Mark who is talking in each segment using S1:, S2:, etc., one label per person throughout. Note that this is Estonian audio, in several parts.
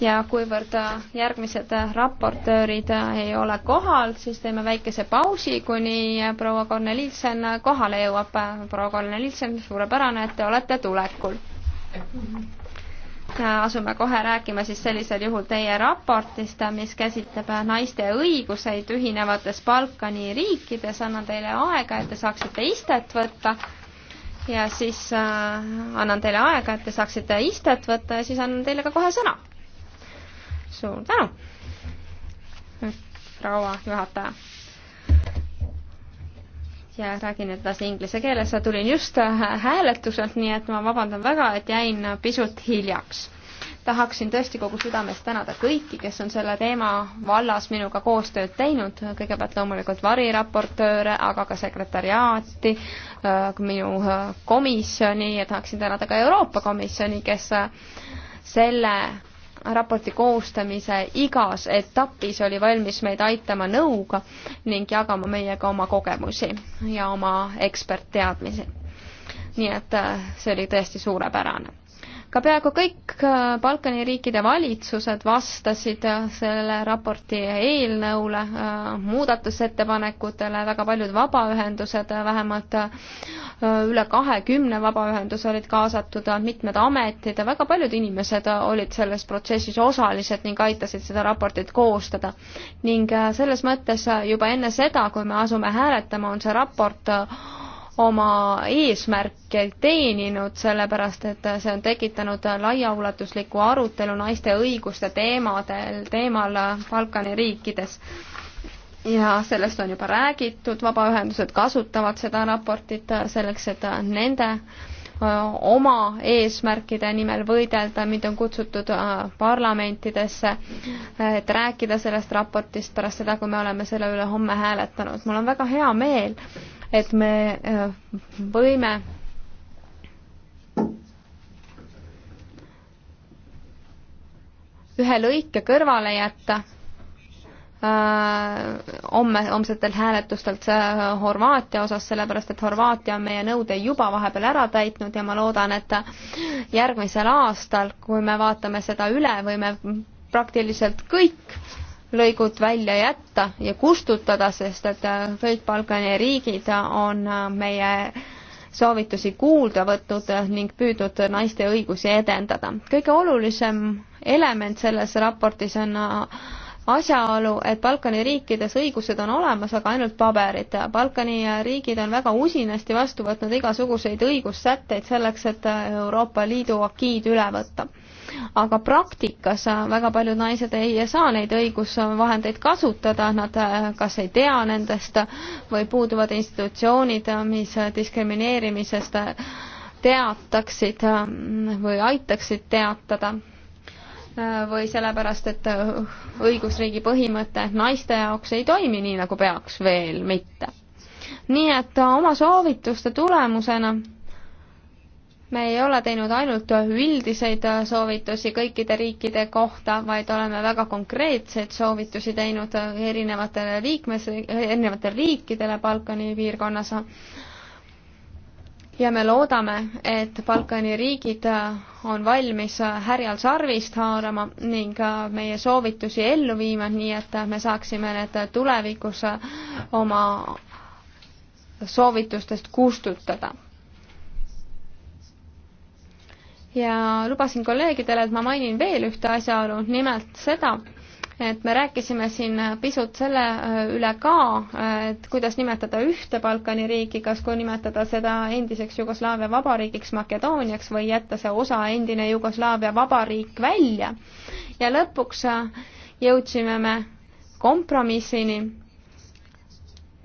S1: ja kuivõrd äh, järgmised äh, raportöörid äh, ei ole kohal, siis teeme väikese pausi, kuni proua Korneliitsen kohale jõuab. proua Korneliitsen, suurepärane, et te olete tulekul. asume kohe rääkima siis sellisel juhul teie raportist, mis käsitleb naiste õiguseid ühinevates Balkani riikides. annan teile aega, et te saaksite istet võtta ja siis äh, annan teile aega, et te saaksite istet võtta ja siis annan teile ka kohe sõna suur tänu, proua juhataja. ja räägin edasi inglise keeles, tulin just äh, hääletuselt, nii et ma vabandan väga, et jäin pisut hiljaks tahaksin tõesti kogu südamest tänada kõiki, kes on selle teema vallas minuga koostööd teinud, kõigepealt loomulikult variraportööre, aga ka sekretariaati, äh, minu äh, komisjoni ja tahaksin tänada ka Euroopa Komisjoni, kes selle raporti koostamise igas etapis oli valmis meid aitama nõuga ning jagama meiega oma kogemusi ja oma ekspertteadmisi. nii et äh, see oli tõesti suurepärane ka peaaegu kõik äh, Balkani riikide valitsused vastasid äh, selle raporti eelnõule, äh, muudatusettepanekutele, väga paljud vabaühendused, vähemalt üle kahekümne vabaühenduse olid kaasatud, mitmed ametid, väga paljud inimesed olid selles protsessis osalised ning aitasid seda raportit koostada. ning selles mõttes juba enne seda, kui me asume hääletama, on see raport oma eesmärke teeninud, sellepärast et see on tekitanud laiaulatusliku arutelu naiste õiguste teemadel, teemal Balkani riikides. ja sellest on juba räägitud, vabaühendused kasutavad seda raportit selleks, et nende oma eesmärkide nimel võidelda, mind on kutsutud parlamentidesse, et rääkida sellest raportist pärast seda, kui me oleme selle üle homme hääletanud. mul on väga hea meel, et me äh, võime ühe lõike kõrvale jätta äh, homme, homsetelt hääletustelt äh, Horvaatia osas, sellepärast et Horvaatia on meie nõude juba vahepeal ära täitnud ja ma loodan, et järgmisel aastal, kui me vaatame seda üle, võime praktiliselt kõik lõigud välja jätta ja kustutada, sest et kõik äh, Balkani riigid on äh, meie soovitusi kuulda võtnud äh, ning püüdnud naiste õigusi edendada. kõige olulisem element selles raportis on asjaolu, et Balkani riikides õigused on olemas, aga ainult paberid. Balkani riigid on väga usinasti vastu võtnud igasuguseid õigussätteid selleks, et Euroopa Liidu akiid üle võtta aga praktikas äh, väga paljud naised ei saa neid õigusvahendeid kasutada, nad äh, kas ei tea nendest või puuduvad institutsioonid, äh, mis diskrimineerimisest teataksid või aitaksid teatada või sellepärast, et õigusriigi põhimõte naiste jaoks ei toimi nii, nagu peaks, veel mitte. nii et oma soovituste tulemusena me ei ole teinud ainult üldiseid äh, soovitusi kõikide riikide kohta, vaid oleme väga konkreetseid soovitusi teinud äh, erinevatele liikmes, erinevatele riikidele Balkani piirkonnas. ja me loodame, et Balkani riigid äh, on valmis härjal sarvist haarama ning meie soovitusi ellu viima, nii et me saaksime need tulevikus oma soovitustest kustutada ja lubasin kolleegidele, et ma mainin veel ühte asjaolu, nimelt seda, et me rääkisime siin pisut selle äh, üle ka, äh, et kuidas nimetada ühte Balkani riiki, kas kui nimetada seda endiseks Jugoslaavia vabariigiks Makedooniaks või jätta see osa endine Jugoslaavia vabariik välja. ja lõpuks äh, jõudsime me kompromissini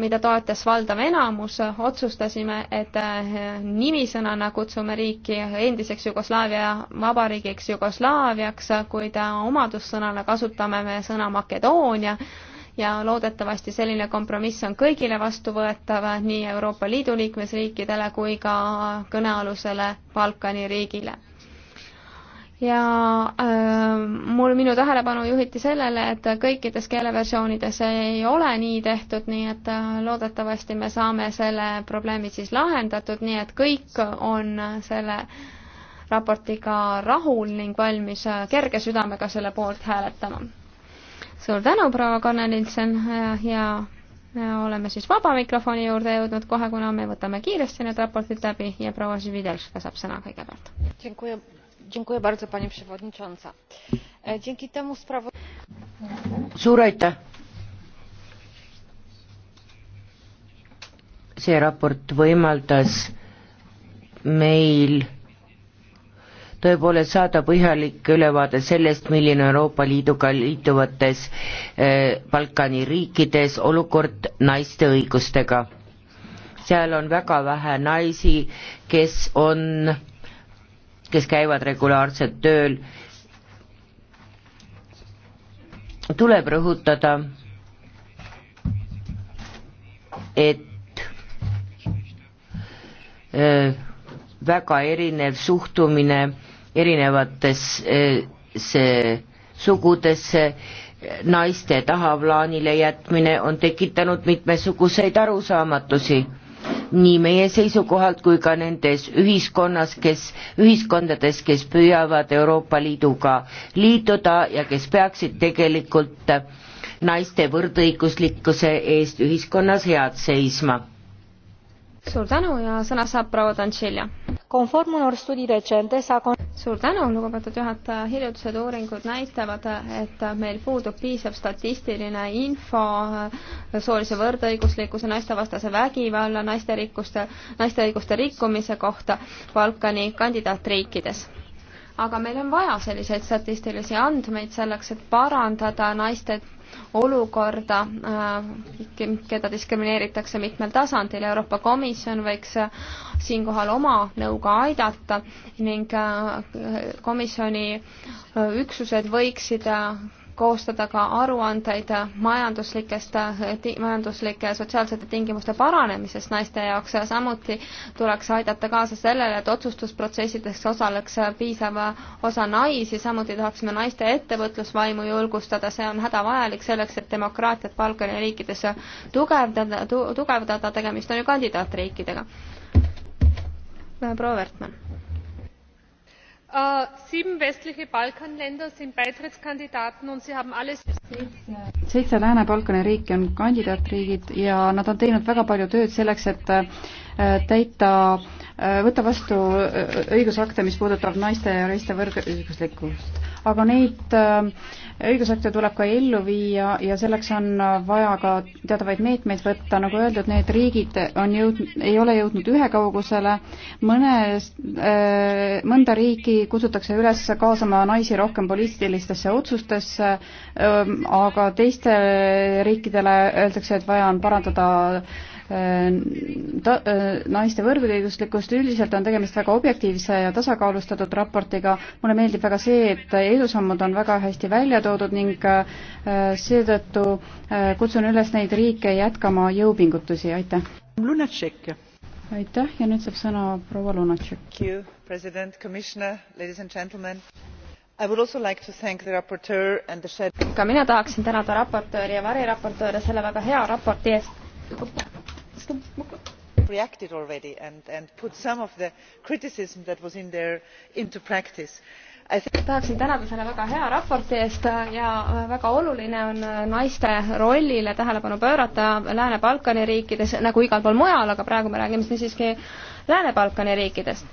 S1: mida toetas valdav enamus, otsustasime, et äh, nimisõnana kutsume riiki endiseks Jugoslaavia vabariigiks Jugoslaaviaks, kuid äh, omadussõnana kasutame me sõna Makedoonia ja loodetavasti selline kompromiss on kõigile vastuvõetav, nii Euroopa Liidu liikmesriikidele kui ka kõnealusele Balkani riigile ja äh, mul, minu tähelepanu juhiti sellele, et kõikides keeleversioonides ei ole nii tehtud, nii et äh, loodetavasti me saame selle probleemi siis lahendatud, nii et kõik on selle raportiga rahul ning valmis äh, kerge südamega selle poolt hääletama. suur tänu, proua Kannelinsen ja, ja Ja oleme siis vaba mikrofoni juurde jõudnud kohe, kuna me võtame kiiresti need raportid läbi ja proua Žividelska saab sõna kõigepealt. E,
S2: suur aitäh! see raport võimaldas meil tõepoolest saada põhjalik ülevaade sellest, milline Euroopa Liiduga liituvates e, Balkani riikides olukord naiste õigustega. seal on väga vähe naisi, kes on kes käivad regulaarselt tööl. tuleb rõhutada, et väga erinev suhtumine erinevatesse sugudesse naiste tahaplaanile jätmine on tekitanud mitmesuguseid arusaamatusi nii meie seisukohalt kui ka nendes ühiskonnas, kes, ühiskondades, kes püüavad Euroopa Liiduga liituda ja kes peaksid tegelikult naiste võrdõiguslikkuse eest ühiskonnas head seisma.
S1: suur tänu ja sõna saab proua Tantšilja. Conform unor studii recente s-a suur tänu, lugupeetud juhataja, hiljutised uuringud näitavad, et meil puudub piisav statistiline info soolise võrdõiguslikkuse, naistevastase vägivalla, naiste rikkuste, naiste õiguste rikkumise kohta Balkani kandidaatriikides aga meil on vaja selliseid statistilisi andmeid selleks, et parandada naiste olukorda, äh, keda diskrimineeritakse mitmel tasandil. Euroopa Komisjon võiks äh, siinkohal oma nõuga aidata ning äh, komisjoni üksused võiksid koostada ka aruandeid majanduslikest, majanduslike ja sotsiaalsete tingimuste paranemisest naiste jaoks ja samuti tuleks aidata kaasa sellele, et otsustusprotsessideks osaleks piisav osa naisi, samuti tahaksime naiste ettevõtlusvaimu julgustada, see on hädavajalik selleks, et demokraatiat Balkani riikides tugevdada tu,, tugevdada, tegemist on ju kandidaatriikidega.
S3: proua Vertmann
S1: Äh, sieben westliche balkanländer sind beitrittskandidaten und sie haben alles
S3: seitse lääne balkani riiki on kandidaatriigid ja nad on teinud väga palju tööd selleks et äh, täita äh, võtta vastu õigusakte mis puudutab naiste ja meeste võrdõiguslikkust aga neid äh, õigusakte tuleb ka ellu viia ja selleks on vaja ka teatavaid meetmeid võtta, nagu öeldud, need riigid on jõud-, ei ole jõudnud ühekaugusele, mõnes, äh, mõnda riiki kutsutakse üles kaasama naisi rohkem poliitilistesse otsustesse, ähm, aga teistele riikidele öeldakse, et vaja on parandada Äh, ta-, äh, naiste võrdõiguslikkust, üldiselt on tegemist väga objektiivse ja tasakaalustatud raportiga, mulle meeldib väga see, et edusammud on väga hästi välja toodud ning äh, seetõttu kutsun üles neid riike jätkama jõupingutusi, aitäh! Lunatšek aitäh ja nüüd saab sõna proua Lunatšek.
S4: ka mina tahaksin tänada
S1: raportööri ja variraportööre selle väga hea raporti eest
S4: reacted already and, and put some of the criticism that was in there into practice. tahaksin tänada selle väga hea
S1: raporti eest ja väga oluline on naiste rollile tähelepanu pöörata Lääne-Balkani riikides nagu igal pool mujal, aga praegu me räägime siin siiski Lääne-Balkani riikidest.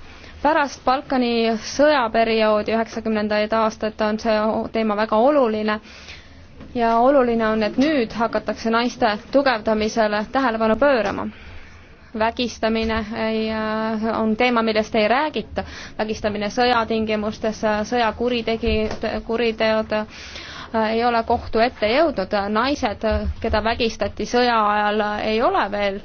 S1: pärast Balkani sõjaperioodi üheksakümnendaid aastaid on see teema väga oluline ja oluline on, et nüüd hakatakse naiste tugevdamisele tähelepanu pöörama. vägistamine ei, äh, on teema, millest ei räägita, vägistamine sõjatingimustes, äh, sõjakuritegi, kuriteod äh, ei ole kohtu ette jõudnud, naised, keda vägistati sõja ajal, ei ole veel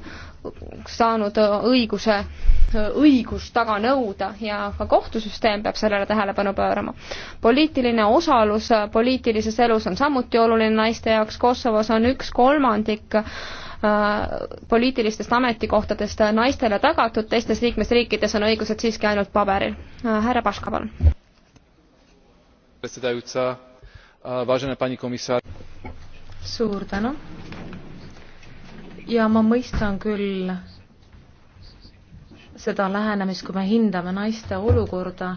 S1: saanud äh, õiguse, äh, õigust taga nõuda ja ka kohtusüsteem peab sellele tähelepanu pöörama. poliitiline osalus äh, poliitilises elus on samuti oluline naiste jaoks, Kosovos on üks kolmandik poliitilistest ametikohtadest naistele tagatud, teistes liikmesriikides on õigused siiski ainult paberil. härra Paška, palun.
S5: suur tänu, ja ma mõistan küll seda lähenemist, kui me hindame naiste olukorda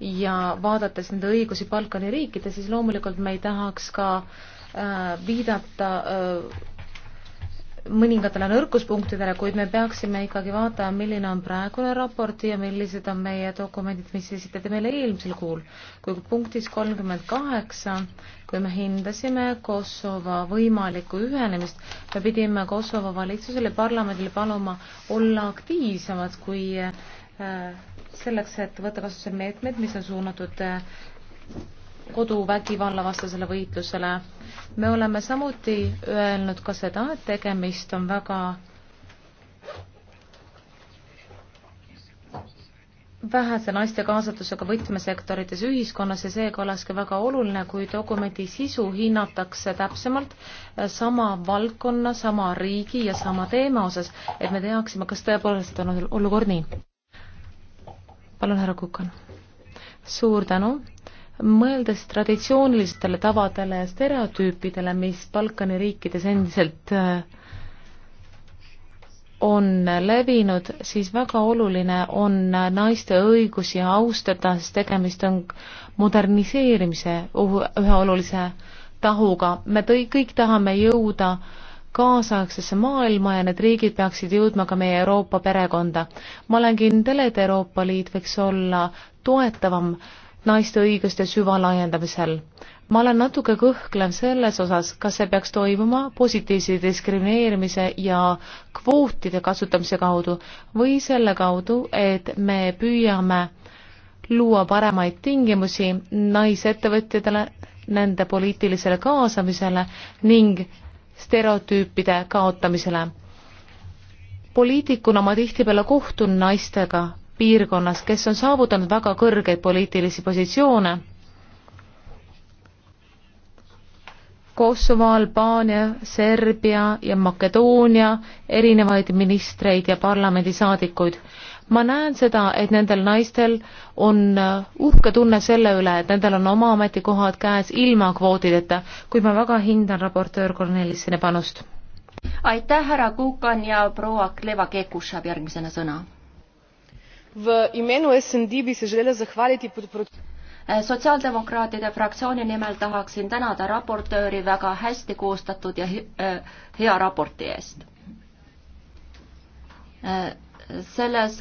S5: ja vaadates nende õigusi Balkani riikides, siis loomulikult me ei tahaks ka äh, viidata äh, mõningatele nõrkuspunktidele, kuid me peaksime ikkagi vaatama, milline on praegune raport ja millised on meie dokumendid, mis esitati meile eelmisel kuul. kui punktis kolmkümmend kaheksa, kui me hindasime Kosovo võimalikku ühenemist, me pidime Kosovo valitsusele, parlamendile paluma olla aktiivsemad kui äh, selleks, et võtta kasutusele meetmed, mis on suunatud äh, koduvägivalla vastasele võitlusele. me oleme samuti öelnud ka seda, et tegemist on väga vähese naiste kaasatusega võtmesektorites ühiskonnas ja seega olekski väga oluline, kui dokumendi sisu hinnatakse täpsemalt sama valdkonna, sama riigi ja sama teema osas, et me teaksime, kas tõepoolest on olukord nii. palun, härra Kukan. suur tänu mõeldes traditsioonilistele tavadele ja stereotüüpidele, mis Balkani riikides endiselt äh, on levinud, siis väga oluline on naiste õigusi austada, sest tegemist on moderniseerimise ühe olulise tahuga. me tõi, kõik tahame jõuda kaasaegsesse maailma ja need riigid peaksid jõudma ka meie Euroopa perekonda. ma olen kindel, et Euroopa Liit võiks olla toetavam äh, naiste õiguste süvalaiendamisel. ma olen natuke kõhklev selles osas, kas see peaks toimuma positiivse diskrimineerimise ja kvootide kasutamise kaudu või selle kaudu, et me püüame luua paremaid tingimusi naisettevõtjatele, nende poliitilisele kaasamisele ning stereotüüpide kaotamisele. poliitikuna ma tihtipeale kohtun naistega, piirkonnas, kes on saavutanud väga kõrgeid poliitilisi positsioone. Kosovo, Albaania, Serbia ja Makedoonia erinevaid ministreid ja parlamendisaadikuid. ma näen seda, et nendel naistel on uhke tunne selle üle, et nendel on oma ametikohad käes ilma kvoodideta, kuid ma väga hindan raportöör Kornelisseni panust
S6: aitäh, härra Kukan ja proua Kleva Kekuš saab järgmisena sõna v imenu sd bi se želela zahvaliti sotsiaaldemokraatide fraktsiooni nimel tahaksin tänada raportööri väga hästi koostatud ja äh, hea raporti eest äh, selles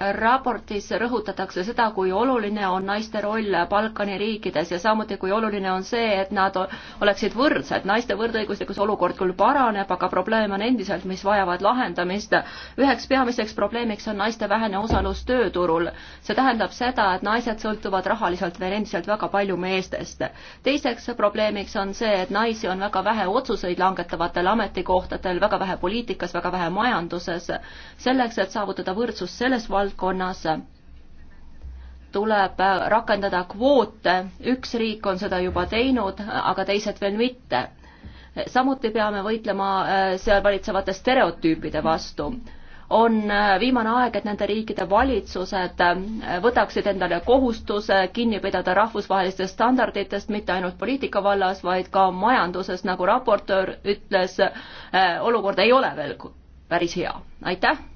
S6: raportis rõhutatakse seda, kui oluline on naiste roll Balkani riikides ja samuti, kui oluline on see, et nad oleksid võrdsed. naiste võrdõiguslikkus olukord küll paraneb, aga probleeme on endiselt, mis vajavad lahendamist. üheks peamiseks probleemiks on naiste vähene osalus tööturul. see tähendab seda, et naised sõltuvad rahaliselt veel endiselt väga palju meestest. teiseks probleemiks on see, et naisi on väga vähe otsuseid langetavatel ametikohtadel, väga vähe poliitikas, väga vähe majanduses. selleks, et saavutada võrdsus selles vallas, valdkonnas tuleb rakendada kvoote, üks riik on seda juba teinud, aga teised veel mitte. samuti peame võitlema äh, seal valitsevate stereotüüpide vastu. on äh, viimane aeg, et nende riikide valitsused äh, võtaksid endale kohustuse kinni pidada rahvusvahelistest standarditest, mitte ainult poliitika vallas, vaid ka majanduses, nagu raportöör ütles, olukord ei
S4: ole veel päris hea. aitäh!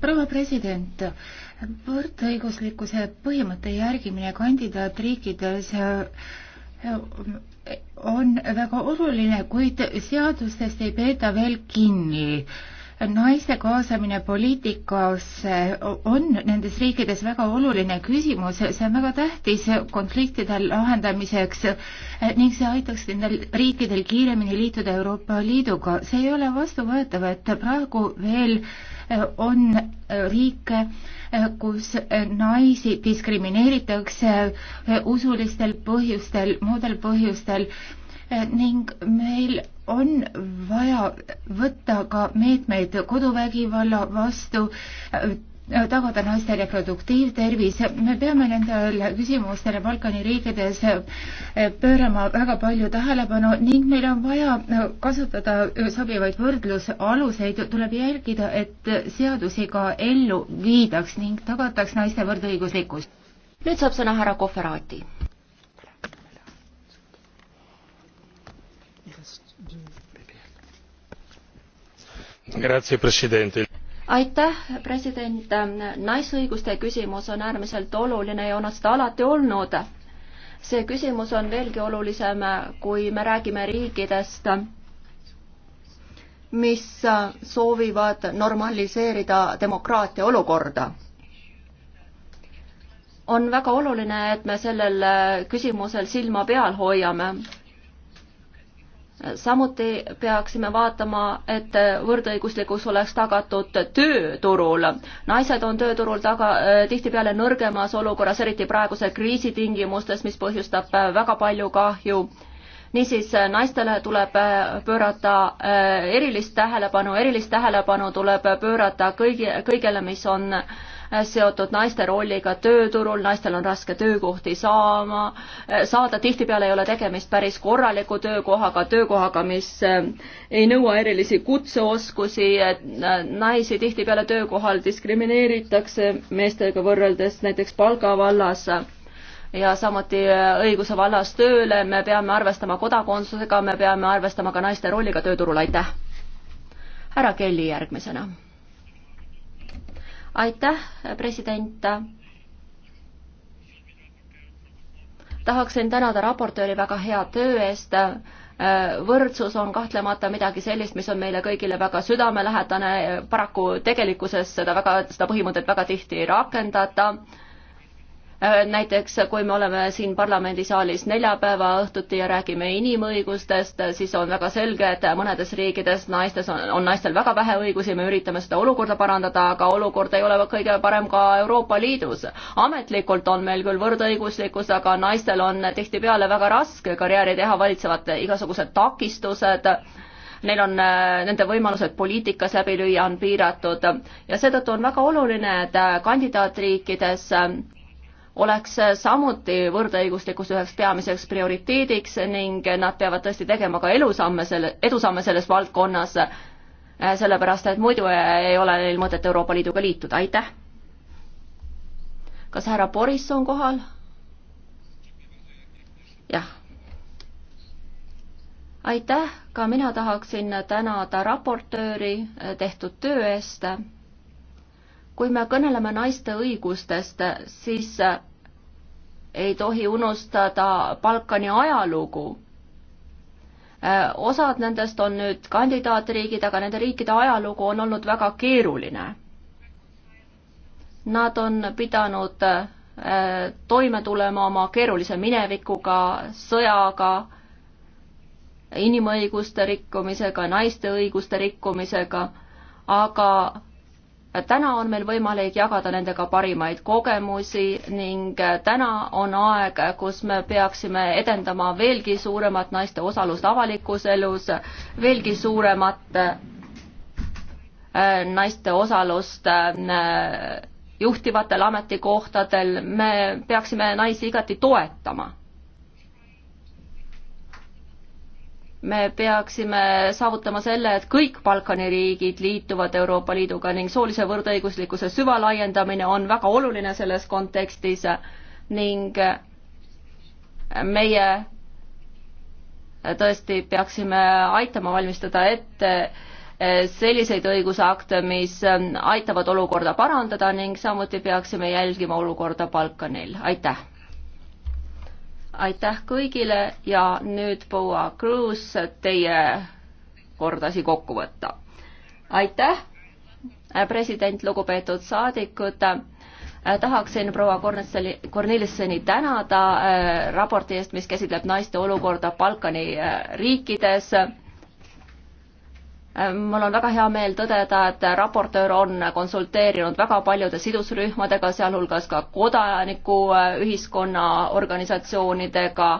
S4: proua president, võrdõiguslikkuse põhimõtte järgimine kandidaatriikides eh, on väga oluline, kuid seadustest ei peeta veel kinni. naiste kaasamine poliitikasse on nendes riikides väga oluline küsimus, see on väga tähtis konfliktide lahendamiseks ning see aitaks nendel riikidel kiiremini liituda Euroopa Liiduga. see ei ole vastuvõetav, et praegu veel äh, on riike, kus naisi diskrimineeritakse usulistel põhjustel, muudel põhjustel ning meil on vaja võtta ka meetmeid koduvägivalla vastu, tagada naiste reproduktiivtervis. me peame nendele küsimustele Balkani riikides eh, pöörama väga palju tähelepanu ning meil on vaja eh, kasutada sobivaid võrdlusaluseid, tuleb jälgida, et seadusi ka ellu viidaks ning tagataks naiste võrdõiguslikkus. nüüd saab sõna härra Kohveraati.
S5: grazie presidente
S6: aitäh, president, naisõiguste küsimus on äärmiselt oluline ja on seda alati olnud. see küsimus on veelgi olulisem, kui me räägime riikidest, mis soovivad normaliseerida demokraatia olukorda on väga oluline, et me sellel küsimusel silma peal hoiame samuti peaksime vaatama, et võrdõiguslikkus oleks tagatud tööturul. naised on tööturul taga äh, tihtipeale nõrgemas olukorras, eriti praeguse kriisi tingimustes, mis põhjustab äh, väga palju kahju. niisiis, äh, naistele tuleb pöörata erilist tähelepanu, erilist tähelepanu tuleb pöörata kõigi, kõigele, mis on äh, Äh, seotud naiste rolliga tööturul, naistel on raske töökohti saama, äh, saada, tihtipeale ei ole tegemist päris korraliku töökohaga, töökohaga, mis äh, ei nõua erilisi kutseoskusi, naisi tihtipeale töökohal diskrimineeritakse meestega võrreldes näiteks palga vallas ja samuti õiguse vallas tööle, me peame arvestama kodakondsusega, me peame arvestama ka naiste rolliga tööturul, aitäh! härra Kelly järgmisena aitäh, president. tahaksin tänada raportööri väga hea töö eest võrdsus on kahtlemata midagi sellist, mis on meile kõigile väga südamelähedane, paraku tegelikkuses seda väga, seda põhimõtet väga tihti ei rakendata Äh, näiteks kui me oleme siin parlamendisaalis neljapäeva õhtuti ja räägime inimõigustest, siis on väga selge, et mõnedes riikides naistes on, on naistel väga vähe õigusi, me üritame seda olukorda parandada, aga olukord ei ole kõige parem ka Euroopa Liidus. ametlikult on meil küll võrdõiguslikkus, aga naistel on tihtipeale väga raske karjääri teha, valitsevad igasugused takistused neil on, nende võimalused poliitikas läbi lüüa on piiratud ja seetõttu on väga oluline, et kandidaatriikides oleks samuti võrdõiguslikkus üheks peamiseks prioriteediks ning nad peavad tõesti tegema ka elusamme selle, edusamme selles valdkonnas, äh, sellepärast et muidu ei ole neil mõtet Euroopa Liiduga liituda, aitäh! kas härra Boris on kohal? jah. aitäh, ka mina tahaksin tänada raportööri äh, tehtud töö eest kui me kõneleme naiste õigustest, siis äh, ei tohi unustada Balkani ajalugu. Äh, osad nendest on nüüd kandidaatriigid, aga nende riikide ajalugu on olnud väga keeruline. Nad on pidanud äh, toime tulema oma keerulise minevikuga, sõjaga, inimõiguste rikkumisega, naiste õiguste rikkumisega, aga täna on meil võimalik jagada nendega parimaid kogemusi ning täna on aeg, kus me peaksime edendama veelgi suuremat naiste osalust avalikus elus, veelgi suuremat äh, naiste osalust äh, juhtivatel ametikohtadel, me peaksime naisi igati toetama me peaksime saavutama selle, et kõik Balkani riigid liituvad Euroopa Liiduga ning soolise võrdõiguslikkuse süvalaiendamine on väga oluline selles kontekstis ning meie tõesti peaksime aitama valmistada ette selliseid õigusakte, mis aitavad olukorda parandada ning samuti peaksime jälgima olukorda Balkanil, aitäh! aitäh kõigile ja nüüd proua Kruus, teie kord asi kokku võtta. aitäh, president, lugupeetud saadikud tahaksin proua Kornelissoni tänada äh, raporti eest, mis käsitleb naiste olukorda Balkani äh, riikides Äh, mul on väga hea meel tõdeda, et raportöör on konsulteerinud väga paljude sidusrühmadega, sealhulgas ka kodanikuühiskonna organisatsioonidega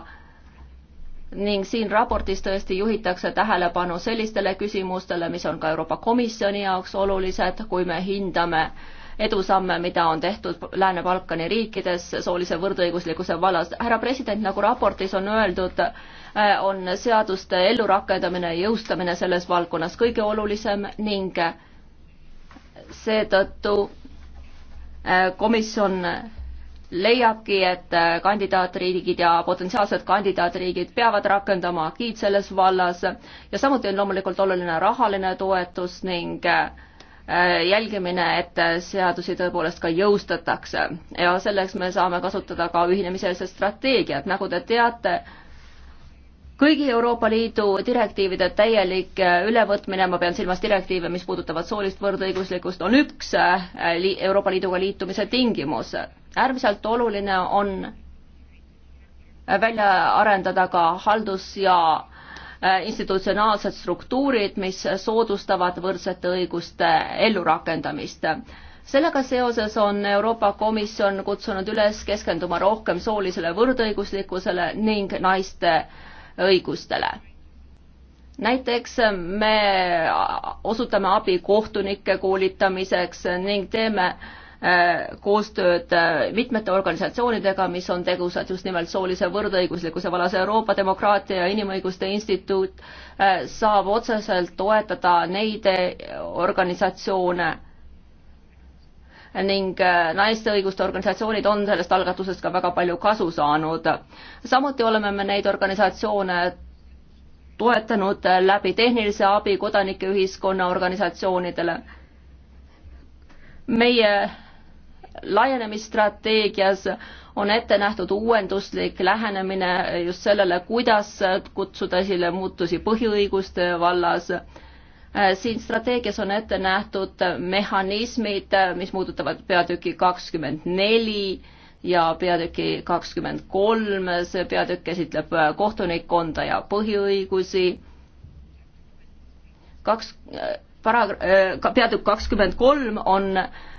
S6: ning siin raportis tõesti juhitakse tähelepanu sellistele küsimustele, mis on ka Euroopa Komisjoni jaoks olulised, kui me hindame äh, edusamme, mida on tehtud Lääne-Balkani riikides soolise võrdõiguslikkuse vallas. härra president, nagu raportis on öeldud, äh, on seaduste ellurakendamine ja jõustamine selles valdkonnas kõige olulisem ning seetõttu äh, komisjon leiabki, et äh, kandidaatriigid ja potentsiaalsed kandidaatriigid peavad rakendama agiid selles vallas ja samuti on loomulikult oluline rahaline toetus ning äh, Äh, jälgimine, et seadusi tõepoolest ka jõustatakse ja selleks me saame kasutada ka ühinemiseelset strateegiat, nagu te teate, kõigi Euroopa Liidu direktiivide täielik äh, ülevõtmine, ma pean silmas direktiive, mis puudutavad soolist võrdõiguslikkust, on üks äh, Euroopa Liiduga liitumise tingimus. äärmiselt oluline on välja arendada ka haldus- ja Äh, institutsionaalsed struktuurid, mis soodustavad võrdsete õiguste ellurakendamist. sellega seoses on Euroopa Komisjon kutsunud üles keskenduma rohkem soolisele võrdõiguslikkusele ning naiste õigustele. näiteks me osutame abi kohtunike koolitamiseks ning teeme äh, Äh, koostööd äh, mitmete organisatsioonidega, mis on tegusad just nimelt soolise võrdõiguslikkuse vallas. Euroopa Demokraatia ja Inimõiguste Instituut äh, saab otseselt toetada neid organisatsioone ning naiste õiguste organisatsioonid on sellest algatusest ka väga palju kasu saanud. samuti oleme me neid organisatsioone toetanud läbi tehnilise abi kodanikeühiskonna organisatsioonidele. meie laienemisstrateegias on ette nähtud uuenduslik lähenemine just sellele, kuidas kutsuda esile muutusi põhiõiguste vallas. siin strateegias on ette nähtud mehhanismid, mis puudutavad peatüki kakskümmend neli ja peatüki kakskümmend kolm, see peatükk käsitleb kohtunikkonda ja põhiõigusi. kaks, äh, paragrahv, äh, peatükk kakskümmend kolm on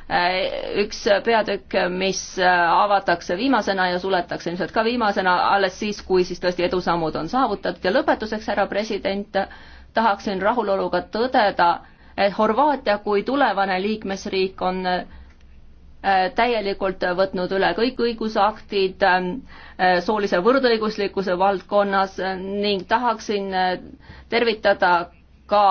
S6: Äh, üks peatükk, mis äh, avatakse viimasena ja suletakse ilmselt ka viimasena, alles siis, kui siis tõesti edusammud on saavutatud ja lõpetuseks, härra president, tahaksin rahuloluga tõdeda, et Horvaatia kui tulevane liikmesriik on äh, täielikult võtnud üle kõik õigusaktid soolise võrdõiguslikkuse valdkonnas ning tahaksin tervitada ka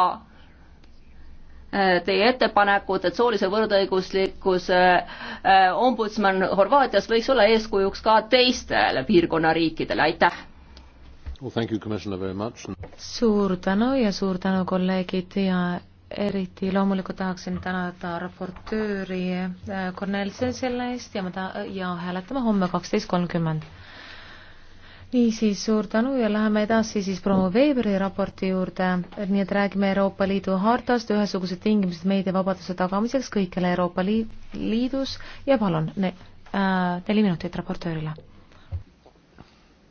S6: Äh, teie ettepanekut, et soolise võrdõiguslikkuse äh, ombudsman Horvaatias võiks olla eeskujuks ka teistele piirkonna riikidele, aitäh!
S3: Well,
S5: suur tänu ja suur tänu, kolleegid, ja eriti loomulikult tahaksin tänada raportööri äh, Kornel Sõõsele eest ja ma ta-, ja hääletame homme kaksteist kolmkümmend niisiis, suur tänu ja läheme edasi siis proua Weberi raporti juurde. nii et räägime Euroopa Liidu hartast, ühesugused tingimused meediavabaduse tagamiseks kõikjale Euroopa Liidus ja palun ne, äh, neli minutit raportöörile